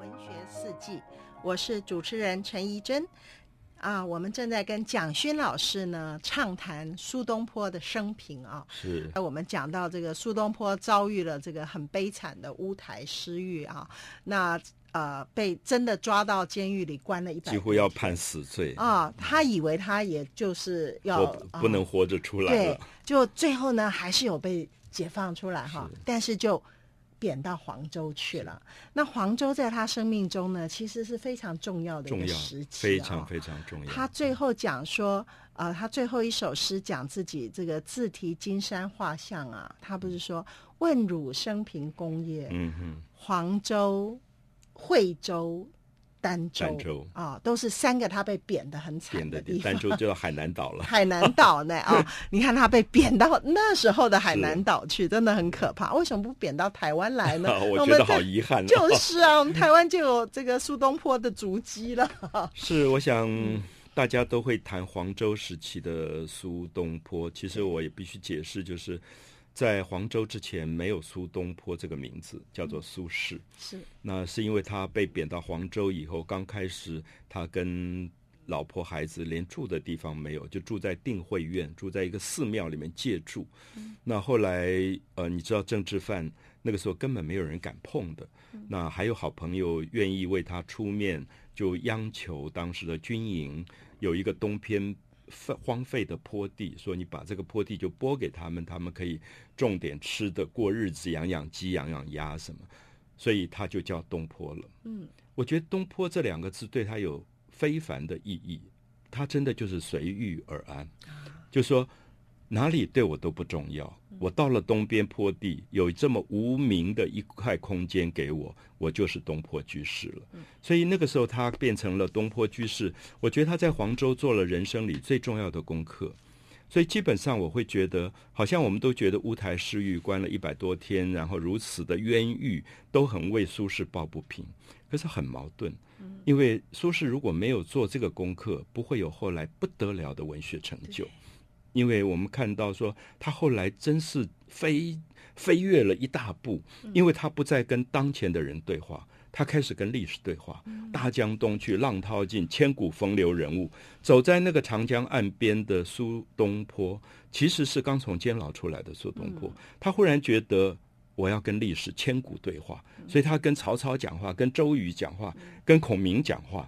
文學四季，我是主持人陳怡蓁啊，我們正在跟蔣勳老師呢暢談蘇東坡的生平啊。是。我們講到這個蘇東坡遭遇了這個很悲慘的烏臺詩獄啊，那。呃，被真的抓到監獄裡關了一百,百，幾乎要判死罪啊！嗯、他以為他也就是要不能活着出來了、嗯。對，就最後呢，還是有被解放出來哈，是，但是就貶到黃州去了。是那黃州在他生命中呢，其實是非常重要的一個時期、啊，非常非常重要。他最後講說，呃，他最後一首詩講自己這個自題金山畫像啊，他不是說問汝生平功業？嗯哼，黃州。惠州、儋州、儋州啊、哦，都是三個他被貶的很慘的地方。儋州就到海南島了， 海南島呢啊，哦、 你看他被貶到那時候的海南島去，是真的很可怕。為什麼不貶到台灣來呢？ 我覺得好遺憾。就是啊， 我們台灣就有這個蘇東坡的足迹了。 是，我想大家都會談黃州時期的蘇東坡。其實我也必須解釋，就是。在黃州之前，沒有蘇東坡這個名字，叫做蘇軾。是，那是因為他被貶到黃州以後，剛開始他跟老婆孩子連住的地方沒有，就住在定慧院，住在一個寺廟裡面借住。嗯。那後來，呃，你知道政治犯那個時候根本沒有人敢碰的。嗯。那還有好朋友願意為他出面，就央求當時的軍營有一個東偏。荒廢的坡地。說你把這個坡地就撥給他們，他們可以種點吃的過日子，養養雞、養養鴨什麼，所以他就叫東坡了。嗯，我覺得東坡這兩個字對他有非凡的意義，他真的就是隨遇而安，啊、就說。哪裡對我都不重要。我到了東邊坡地，有這麼無名的一塊空間給我，我就是東坡居士了。所以那個時候，他變成了東坡居士。我覺得他在黃州做了人生裡最重要的功課。所以基本上，我會覺得，好像我們都覺得烏台詩獄關了一百多天，然後如此的冤獄，都很為蘇軾抱不平。可是很矛盾，因為蘇軾如果沒有做這個功課，不會有後來不得了的文學成就。因為我們看到說，他後來真是飛飛躍了一大步，因為他不再跟當前的人對話，他開始跟歷史對話。大江東去，浪淘盡，千古風流人物。走在那個長江岸邊的蘇東坡，其實是剛從監牢出來的蘇東坡。他忽然覺得，我要跟歷史千古對話，所以他跟曹操講話，跟周瑜講話，跟孔明講話。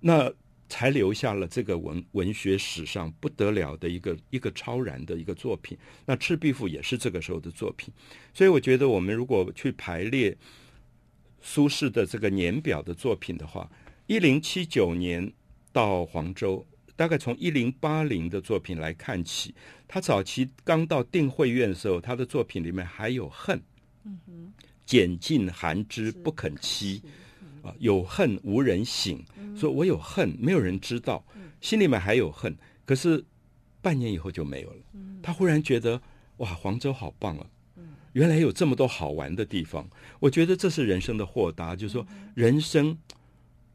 那才留下了這個文文學史上不得了的一個一個超然的一個作品。那《赤壁賦》也是這個時候的作品，所以我覺得我們如果去排列蘇軾的這個年表的作品的話，一零七九年到黃州，大概從一零八零的作品來看起，他早期剛到定慧院的時候，他的作品裡面還有恨，嗯哼，揀盡寒枝是不肯棲。有恨無人省，嗯、說我有恨，沒有人知道，嗯、心裡面還有恨。可是半年以後就沒有了。嗯、他忽然覺得，哇，黃州好棒啊！嗯、原來有這麼多好玩的地方。我覺得這是人生的豁達，就是說，人生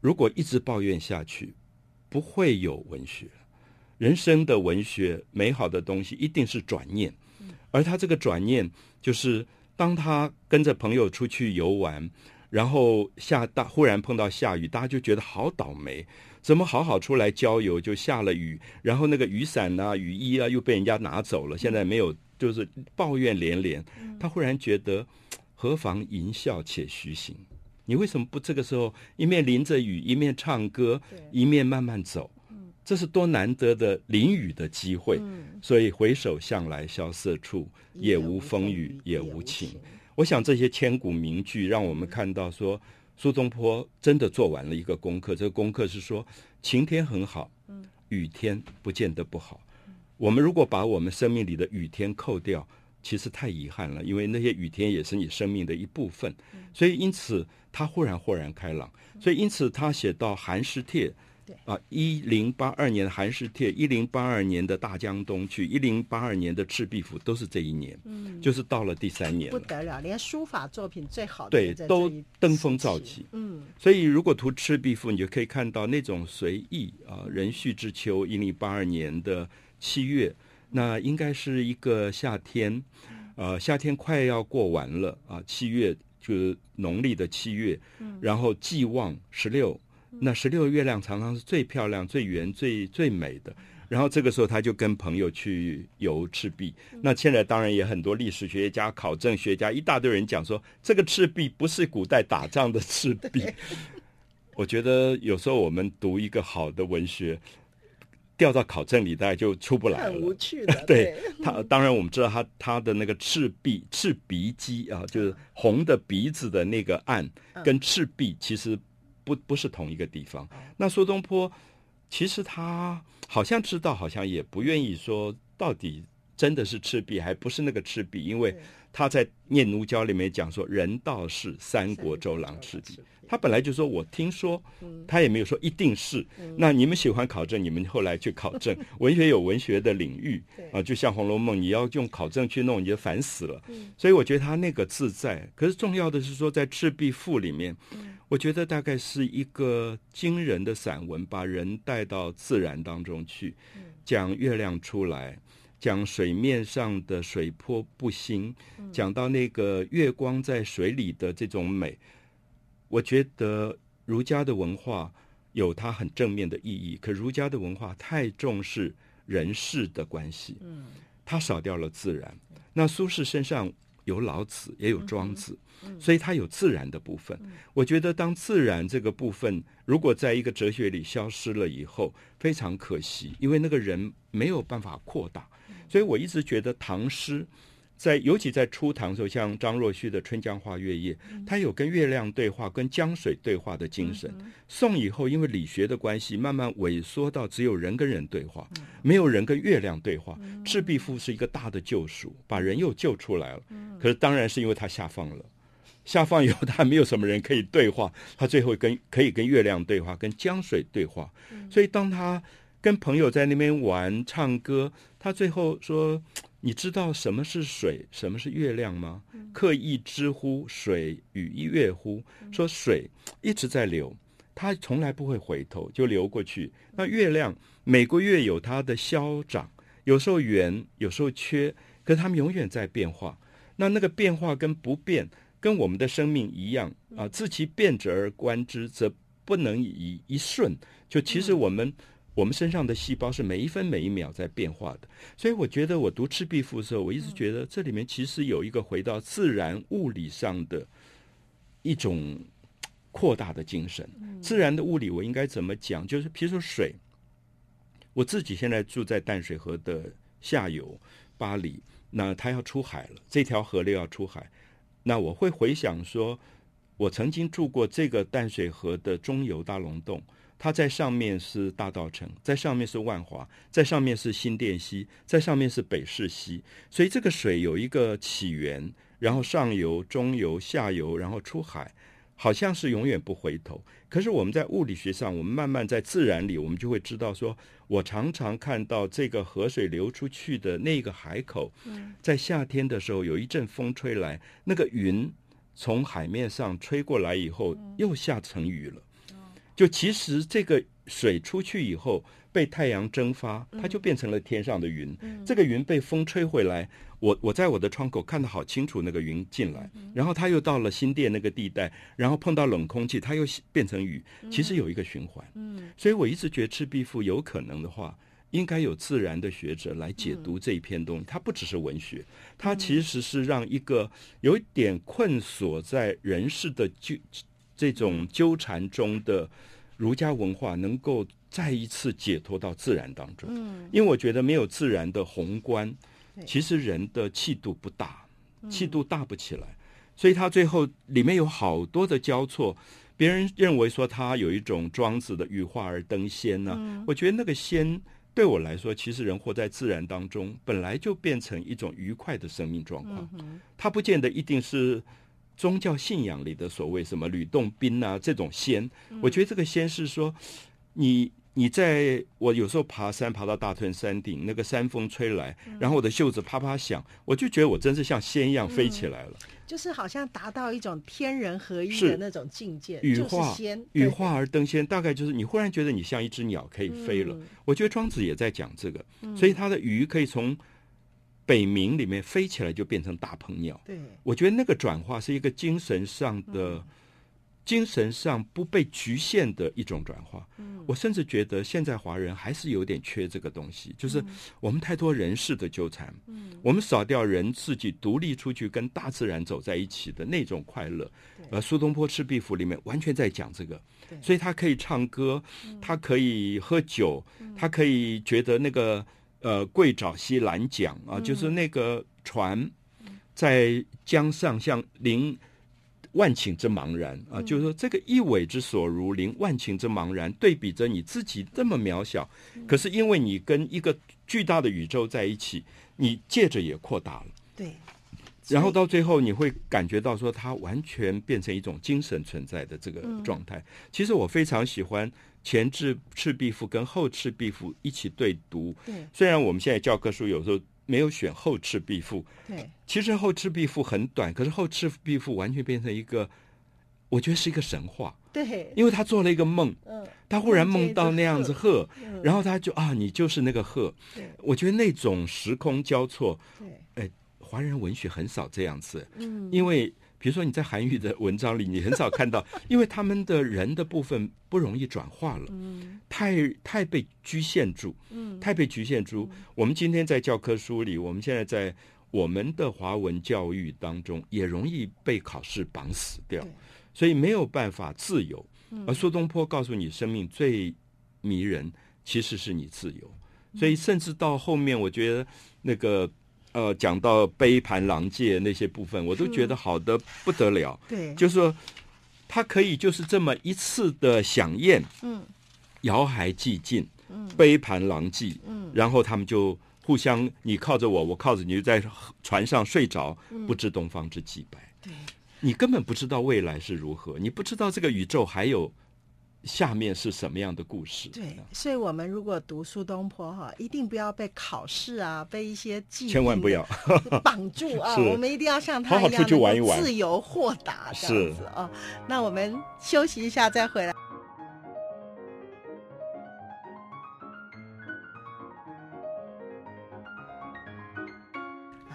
如果一直抱怨下去，不會有文學。人生的文學，美好的東西一定是轉念。而他這個轉念，就是當他跟着朋友出去遊玩。然後下大，忽然碰到下雨，大家就覺得好倒霉，怎麼好好出來郊遊就下了雨？然後那個雨傘吶、啊、雨衣啊，又被人家拿走了，現在沒有，就是抱怨連連。嗯、他忽然覺得，何妨吟嘯且徐行？你為什麼不這個時候一面淋着雨，一面唱歌，對一面慢慢走？這是多難得的淋雨的機會。嗯、所以回首向來蕭瑟處，也無風雨也無晴。我想這些千古名句讓我們看到，說蘇東坡真的做完了一個功課。這個功課是說，晴天很好，雨天不見得不好。我們如果把我們生命裡的雨天扣掉，其實太遺憾了，因為那些雨天也是你生命的一部分。所以因此他忽然豁然開朗，所以因此他寫到《寒食帖》。對啊，一零八二年的《寒食帖》，一零八二年的《大江東去》，一零八二年的《赤壁賦》，都是這一年。嗯，就是到了第三年，不得了，連書法作品最好的對，都登峰造極。嗯，所以如果讀《赤壁賦》，你就可以看到那種隨意啊，壬戌之秋，一零八二年的七月，那應該是一個夏天，啊、呃，夏天快要過完了啊，七月就是農曆的七月，嗯、然後既望十六。那十六，月亮常常是最漂亮、最圓、最最美的。然後這個時候，他就跟朋友去遊赤壁。那現在當然也很多歷史學家、考證學家一大堆人講說，這個赤壁不是古代打仗的赤壁。我覺得有時候我們讀一個好的文學，掉到考證裡，大家就出不來了，很無趣的。對他，當然我們知道他他的那個赤壁赤鼻磯啊，就是紅的鼻子的那個岸，跟赤壁其實。不不是同一個地方。那蘇東坡其實他好像知道，好像也不願意說到底真的是赤壁，還不是那個赤壁。因為他在《念奴嬌》裡面講說：“人道是三國周郎赤壁。赤壁”他本來就說：“我聽說。對”他也沒有說一定是。嗯、那你們喜歡考證，你們後來去考證。嗯、文學有文學的領域啊 對、呃，就像《紅樓夢》，你要用考證去弄，你就煩死了。嗯、所以我覺得他那個自在。可是重要的是說，在《赤壁賦》裡面。嗯我覺得大概是一個驚人的散文，把人帶到自然當中去，講月亮出來，講水面上的水波不興，講到那個月光在水裡的這種美。我覺得儒家的文化有它很正面的意義，可儒家的文化太重視人事的關係，嗯，它少掉了自然。那蘇軾身上。有老子，也有莊子，嗯，所以它有自然的部分。嗯，我覺得，當自然這個部分如果在一個哲學裡消失了以後，非常可惜，因為那個人沒有辦法擴大。所以我一直覺得唐詩。在尤其在初唐的時候，像張若虛的《春江花月夜》，他有跟月亮對話、跟江水對話的精神。宋以後，因為理學的關係，慢慢萎縮到只有人跟人對話，沒有人跟月亮對話。《赤壁賦》是一個大的救贖，把人又救出來了。可是，當然是因為他下放了，下放以後他沒有什麼人可以對話，他最後跟可以跟月亮對話、跟江水對話。所以，當他跟朋友在那邊玩、唱歌，他最後說。你知道什麼是水，什麼是月亮嗎？客亦知夫水與月乎？說水一直在流，它從來不會回頭，就流過去。那月亮每個月有它的消長，有時候圓，有時候缺，可它們永遠在變化。那那個變化跟不變，跟我們的生命一樣啊。自其變者而觀之，則不能以一,一瞬。就其實我們。我們身上的細胞是每一分每一秒在變化的，所以我覺得我讀《赤壁賦》的時候，我一直覺得這裡面其實有一個回到自然物理上的一種擴大的精神。自然的物理，我應該怎麼講？就是譬如說水，我自己現在住在淡水河的下游，八里，那它要出海了，這條河流要出海，那我會回想說，我曾經住過這個淡水河的中游大龍峒。它在上面是大稻埕，在上面是萬華，在上面是新店溪，在上面是北市溪，所以這個水有一個起源，然後上游、中游、下游，然後出海，好像是永遠不回頭。可是我們在物理學上，我們慢慢在自然裡，我們就會知道說，說我常常看到這個河水流出去的那個海口，在夏天的時候有一陣風吹來，那個雲從海面上吹過來以後，嗯、又下成雨了。就其實這個水出去以後被太陽蒸發，嗯、它就變成了天上的雲。嗯、這個雲被風吹回來，我我在我的窗口看得好清楚那個雲進來，嗯嗯、然後它又到了新店那個地帶，然後碰到冷空氣，它又變成雨。其實有一個循環，嗯、所以我一直覺得《赤壁賦》有可能的話，應該有自然的學者來解讀這一篇東西。嗯、它不只是文學，它其實是讓一個有一點困鎖在人世的就這種糾纏中的儒家文化，能夠再一次解脫到自然當中。因為我覺得沒有自然的宏觀，其實人的氣度不大，氣度大不起來。所以他最後裡面有好多的交錯。別人認為說他有一種莊子的羽化而登仙呢、啊，我覺得那個仙對我來說，其實人活在自然當中，本來就變成一種愉快的生命狀況。它不見得一定是。宗教信仰裡的所謂什麼呂洞賓吶、啊，這種仙，我覺得這個仙是說，嗯、你你在我有時候爬山，爬到大屯山頂，那個山風吹來，嗯、然後我的袖子啪啪響，我就覺得我真是像仙一樣飛起來了，嗯、就是好像達到一種天人合一的那種境界，羽化羽化而登仙。對大概就是你忽然覺得你像一隻鳥可以飛了。嗯、我覺得莊子也在講這個，所以他的魚可以從。北冥裡面飛起來就變成大鵬鳥。對，我覺得那個轉化是一個精神上的、嗯、精神上不被局限的一種轉化。嗯，我甚至覺得現在華人還是有點缺這個東西，就是我們太多人事的糾纏。嗯，我們少掉人自己獨立出去跟大自然走在一起的那種快樂。對而蘇東坡《赤壁賦》裡面完全在講這個。對。所以他可以唱歌，嗯、他可以喝酒，嗯、他可以覺得那個。呃，桂棹兮蘭槳啊，嗯、就是那個船在江上，像凌萬頃之茫然，嗯、啊，就是說這個一葦之所如，凌萬頃之茫然，對比着你自己這麼渺小，嗯、可是因為你跟一個巨大的宇宙在一起，你借着也擴大了。對，然後到最後你會感覺到說，它完全變成一種精神存在的這個狀態。嗯、其實我非常喜歡。前《赤赤壁賦》跟後《赤壁賦》一起對讀，對，雖然我們現在教科書有時候沒有選後《赤壁賦》，對，其實後《赤壁賦》很短，可是後《赤壁賦》完全變成一個，我覺得是一個神話，對，因為他做了一個夢，嗯，他忽然夢到那樣子鶴，嗯、然後他就啊，你就是那個鶴，對，我覺得那種時空交錯，對，哎，華人文學很少這樣子，嗯，因為。比如說你在韓愈的文章裡，你很少看到， 因為他們的人的部分不容易轉化了，嗯、太太被侷限住，太被侷限住。嗯、我們今天在教科書裡，我們現在在我們的華文教育當中，也容易被考試綁死掉，對所以沒有辦法自由。嗯、而蘇東坡告訴你，生命最迷人其實是你自由。所以，甚至到後面，我覺得那個。呃，講到杯盤狼藉那些部分，我都覺得好的、嗯、不得了。對，就是說他可以就是這麼一次的饗宴，嗯，肴核既盡，嗯，杯盤狼藉，嗯，然後他們就互相你靠着我，我靠着你，就在船上睡着，不知東方之既白，嗯。對，你根本不知道未來是如何，你不知道這個宇宙還有。下面是什麼樣的故事？對，所以，我們如果讀蘇東坡哈，一定不要被考試啊，被一些記，千萬不要綁 住啊！ 是我們一定要像他一樣好好出去玩一玩，自由豁達。是啊、哦，那我們休息一下再回來。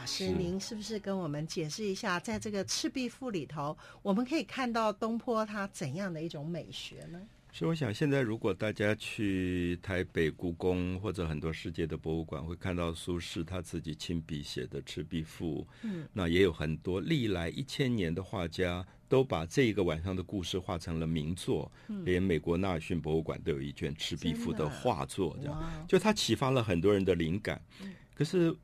是老師，您是不是跟我們解釋一下，在這個《赤壁賦》裡頭，我們可以看到東坡他怎樣的一種美學呢？所以，我想現在如果大家去台北故宮或者很多世界的博物館，會看到蘇軾他自己親筆寫的《赤壁賦》。嗯，那也有很多歷來一千年的畫家都把這一個晚上的故事畫成了名作。嗯，連美國納爾遜博物館都有一卷《赤壁賦》的畫作，這樣真的？就他啟發了很多人的靈感。嗯，可是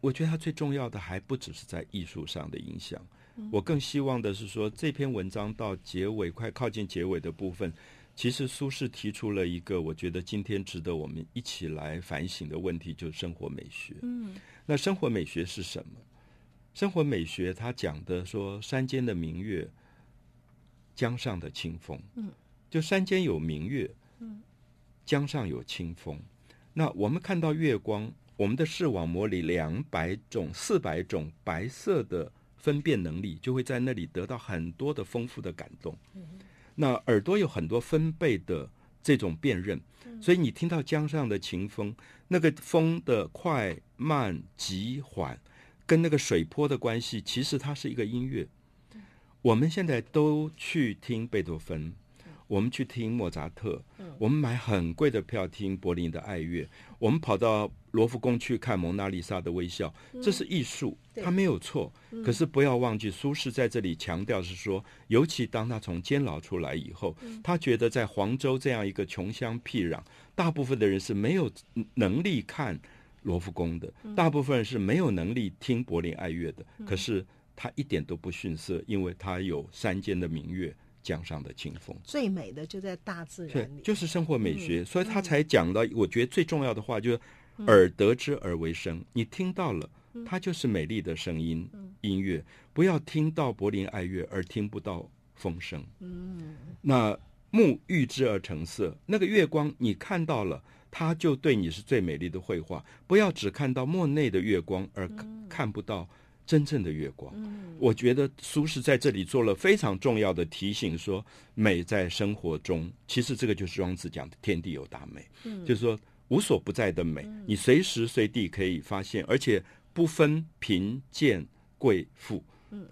我覺得他最重要的還不只是在藝術上的影響。嗯，我更希望的是說，這篇文章到結尾，快靠近結尾的部分。其實蘇軾提出了一個，我覺得今天值得我們一起來反省的問題，就是生活美學。嗯，那生活美學是什麼？生活美學他講的說，山間的明月，江上的清風。嗯，就山間有明月，嗯，江上有清風。那我們看到月光，我們的視網膜裡兩百種、四百種白色的分辨能力，就會在那裡得到很多的豐富的感動。嗯那耳朵有很多分貝的這種辨認，所以你聽到江上的清風，那個風的快慢急緩，跟那個水波的關係，其實它是一個音樂。我們現在都去聽貝多芬。我們去聽莫扎特，我們買很貴的票聽柏林的愛樂，我們跑到羅浮宮去看蒙娜麗莎的微笑，這是藝術，它、嗯、沒有錯。對可是不要忘記，蘇軾在這裡強調是說，嗯、尤其當他從監牢出來以後，他覺得在黃州這樣一個窮鄉僻壤，大部分的人是沒有能力看羅浮宮的，大部分人是沒有能力聽柏林愛樂的。嗯、可是他一點都不遜色，因為他有山間的明月。江上的清風，最美的就在大自然，對，就是生活美學。嗯、所以他才講到，我覺得最重要的話就是“耳得之而為聲”，嗯、你聽到了，它就是美麗的聲音、嗯、音樂。不要聽到柏林愛樂而聽不到風聲。嗯，那目遇之而成色，那個月光你看到了，它就對你是最美麗的繪畫。不要只看到莫內的月光而看不到。真正的月光，嗯、我覺得蘇軾在這裡做了非常重要的提醒，說美在生活中，其實這個就是莊子講的“天地有大美”，嗯、就是說無所不在的美，嗯、你隨時隨地可以發現，而且不分貧賤貴富，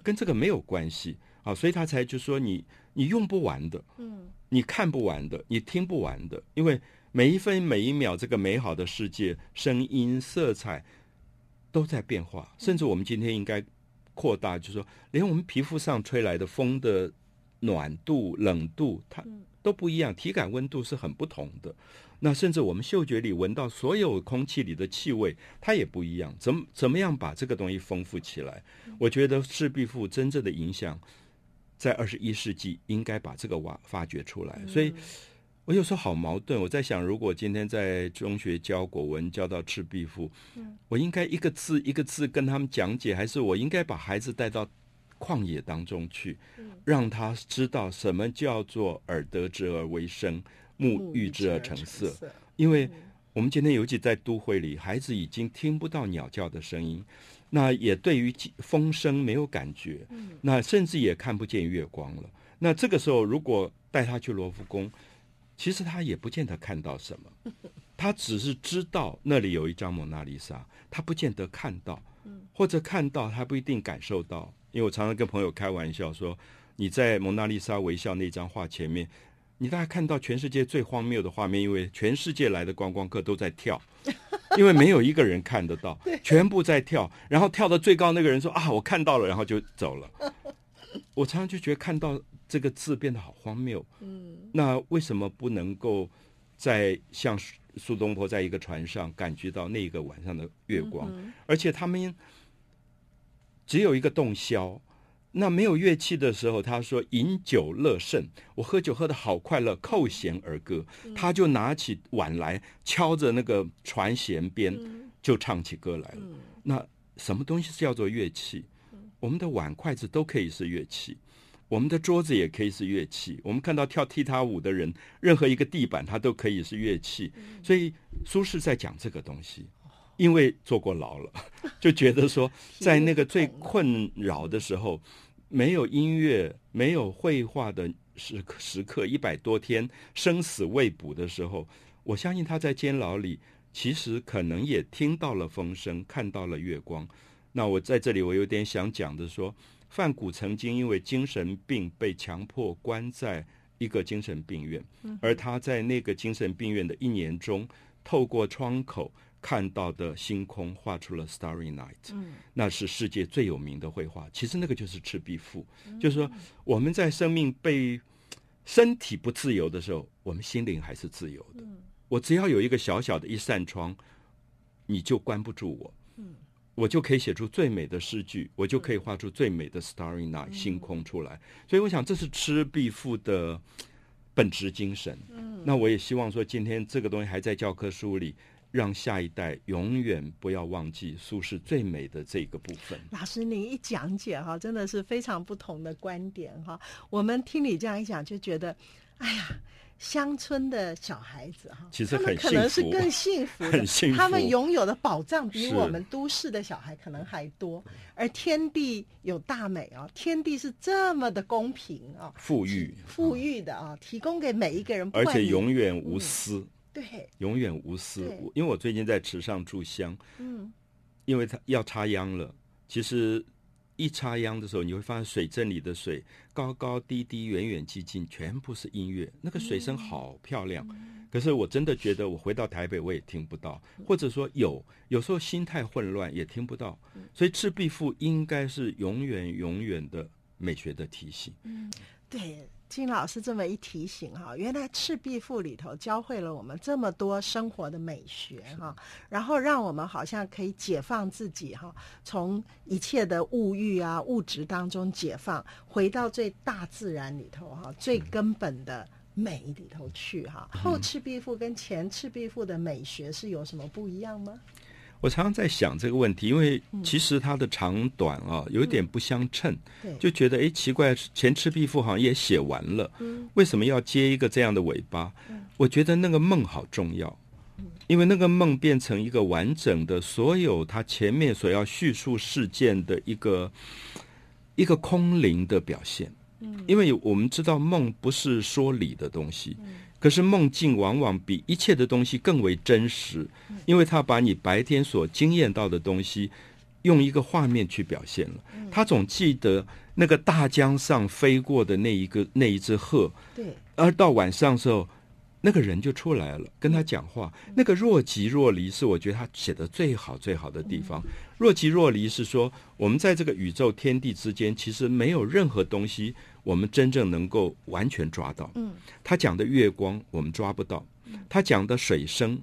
跟這個沒有關係，好、啊、所以他才就說，你你用不完的，嗯、你看不完的，你聽不完的，因為每一分每一秒，這個美好的世界，聲音色彩。都在變化，甚至我們今天應該擴大，就是說，連我們皮膚上吹來的風的暖度、冷度，它都不一樣，體感溫度是很不同的。那甚至我們嗅覺裡聞到所有空氣裡的氣味，它也不一樣。怎麼怎麼樣把這個東西豐富起來？嗯、我覺得《赤壁賦》真正的影響，在二十一世紀應該把這個挖發掘出來。所以，嗯我有時候好矛盾，我在想，如果今天在中學教國文，教到《赤壁賦》，嗯，我應該一個字一個字跟他們講解，還是我應該把孩子帶到曠野當中去，嗯、讓他知道什麼叫做耳得之而為聲，目遇、嗯、之而成色。成色，因為我們今天尤其在都會裡，孩子已經聽不到鳥叫的聲音，那也對於風聲沒有感覺，嗯、那甚至也看不見月光了。那這個時候，如果帶他去羅浮宮，其實他也不見得看到什麼，他只是知道那裡有一張蒙娜麗莎，他不見得看到，或者看到他不一定感受到。因為我常常跟朋友開玩笑說，你在蒙娜麗莎微笑那張畫前面，你大概看到全世界最荒謬的畫面，因為全世界來的觀光客都在跳，因為沒有一個人看得到， 對全部在跳，然後跳到最高那個人說啊，我看到了，然後就走了。我常常就覺得看到。這個字變得好荒謬。嗯、那為什麼不能夠在像蘇東坡在一個船上感覺到那個晚上的月光？嗯、哼而且他們只有一個洞簫，那沒有樂器的時候，他說飲酒樂甚，我喝酒喝得好快樂，扣弦，而歌，嗯、他就拿起碗來敲着那個船舷邊就唱起歌來了。嗯、那什麼東西叫做樂器？嗯、我們的碗筷子都可以是樂器。我們的桌子也可以是樂器，我們看到跳踢踏舞的人，任何一個地板它都可以是樂器。所以蘇軾在講這個東西，因為坐過牢了，就覺得說，在那個最困擾的時候， 沒有音樂、沒有繪畫的時時刻，一百多天生死未卜的時候，我相信他在監牢裡，其實可能也聽到了風聲，看到了月光。那我在這裡，我有點想講的說。梵谷曾經因為精神病，被強迫關在一個精神病院，嗯、哼而他在那個精神病院的一年中，透過窗口看到的星空，畫出了 Starry Night，嗯《Starry Night》。那是世界最有名的繪畫。其實那個就是《赤壁賦》，就是說我們在生命被身體不自由的時候，我們心靈還是自由的。我只要有一個小小的一扇窗，你就關不住我。我就可以寫出最美的詩句，我就可以畫出最美的 Starry Night 星空出來。嗯，所以我想，這是《赤壁賦》的本質精神。嗯，那我也希望說，今天這個東西還在教科書裡，讓下一代永遠不要忘記蘇軾最美的這個部分。老師，您一講解哈，真的是非常不同的觀點哈。我們聽你這樣一講，就覺得，哎呀。鄉村的小孩子哈，其實很幸福，他們可能是更幸福，很幸福。他們擁有的寶藏比我們都市的小孩可能還多。是而天地有大美啊、哦，天地是這麼的公平啊、哦，富裕，富裕的啊、哦，提供給每一個人，而且永遠無私，嗯、對，永遠無私。對因為我最近在池上住香，嗯，因為他要插秧了，其實。一插秧的時候，你會發現水圳裡的水高高低低、遠遠近近，全部是音樂。那個水聲好漂亮，嗯、可是我真的覺得我回到台北我也聽不到，嗯、或者說有有時候心態混亂也聽不到。嗯、所以《赤壁賦》應該是永遠永遠的美學的提醒。嗯，對。蔣老師這麼一提醒哈，原來《赤壁賦》裡頭教會了我們這麼多生活的美學哈，然後讓我們好像可以解放自己哈，從一切的物欲啊、物質當中解放，回到最大自然裡頭哈，最根本的美裡頭去哈。後《赤壁賦》跟前《赤壁賦》的美學是有什麼不一樣嗎？我常常在想這個問題，因為其實它的長短啊、嗯、有一點不相稱，嗯、就覺得哎奇怪，前《赤壁賦》好像也寫完了，嗯、為什麼要接一個這樣的尾巴？嗯、我覺得那個夢好重要，嗯、因為那個夢變成一個完整的、所有他前面所要敘述事件的一個一個空靈的表現。嗯、因為我們知道夢不是說理的東西。嗯可是夢境往往比一切的東西更為真實，嗯、因為他把你白天所經驗到的東西，用一個畫面去表現了。嗯、他總記得那個大江上飛過的那一個那一隻鶴，對。而到晚上的時候，那個人就出來了，跟他講話。嗯、那個若即若離是我覺得他寫的最好最好的地方。嗯、若即若離是說，我們在這個宇宙天地之間，其實沒有任何東西。我們真正能夠完全抓到，嗯，他講的月光我們抓不到，他講的水聲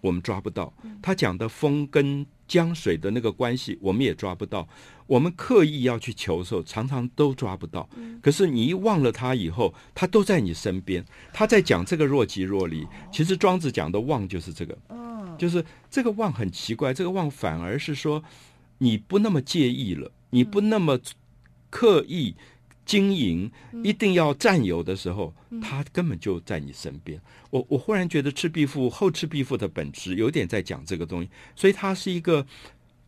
我們抓不到，他講的風跟江水的那個關係我們也抓不到。我們刻意要去求的時候，常常都抓不到。可是你一忘了他以後，他都在你身邊。他在講這個若即若離，其實莊子講的忘就是這個，嗯，就是這個忘很奇怪，這個忘反而是說你不那麼介意了，你不那麼刻意。經營一定要占有的時候，他，嗯，根本就在你身邊。嗯，我我忽然覺得《赤壁賦》後《赤壁賦》的本質有點在講這個東西，所以它是一個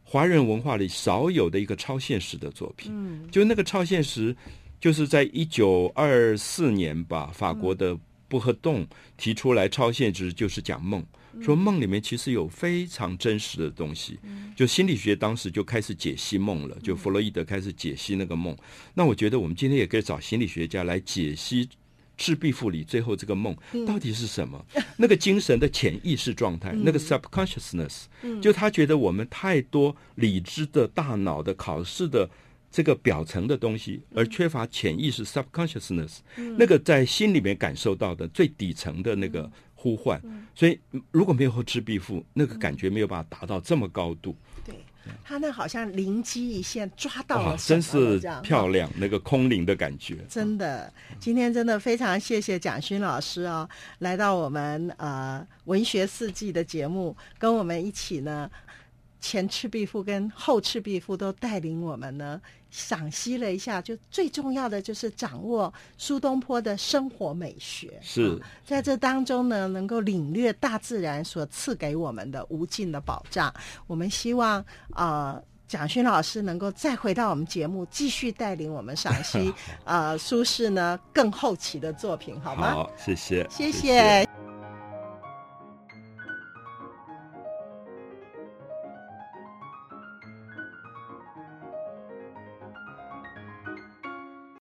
華人文化裡少有的一個超現實的作品。嗯，就那個超現實，就是在一九二四年吧，法國的。不和動提出來超現實，就是講夢，嗯、說夢裡面其實有非常真實的東西。嗯、就心理學當時就開始解析夢了，就弗洛伊德開始解析那個夢。嗯、那我覺得我們今天也可以找心理學家來解析《赤壁賦》裡最後這個夢、嗯、到底是什麼？ 那個精神的潛意識狀態，嗯、那個 subconsciousness、嗯。就他覺得我們太多理智的大腦的考試的。這個表層的東西，而缺乏潛意識 （subconsciousness）、嗯、那個在心裡面感受到的最底層的那個呼喚。嗯嗯、所以如果沒有《後赤壁賦》，那個感覺沒有辦法達到這麼高度。對他那好像靈機一現抓到了，哦，真是漂亮，樣啊、那個空靈的感覺。真的，啊、今天真的非常謝謝蔣勳老師哦，來到我們啊、呃、文學四季的節目，跟我們一起呢。前《赤壁賦》跟後《赤壁賦》都帶領我們呢，賞析了一下，就最重要的就是掌握蘇東坡的生活美學。是、啊，在這當中呢，能夠領略大自然所賜給我們的無盡的寶藏。我們希望啊、呃，蔣勳老師能夠再回到我們節目，繼續帶領我們賞析啊蘇軾呢更後期的作品，好嗎？好，謝謝，謝謝。謝謝謝謝。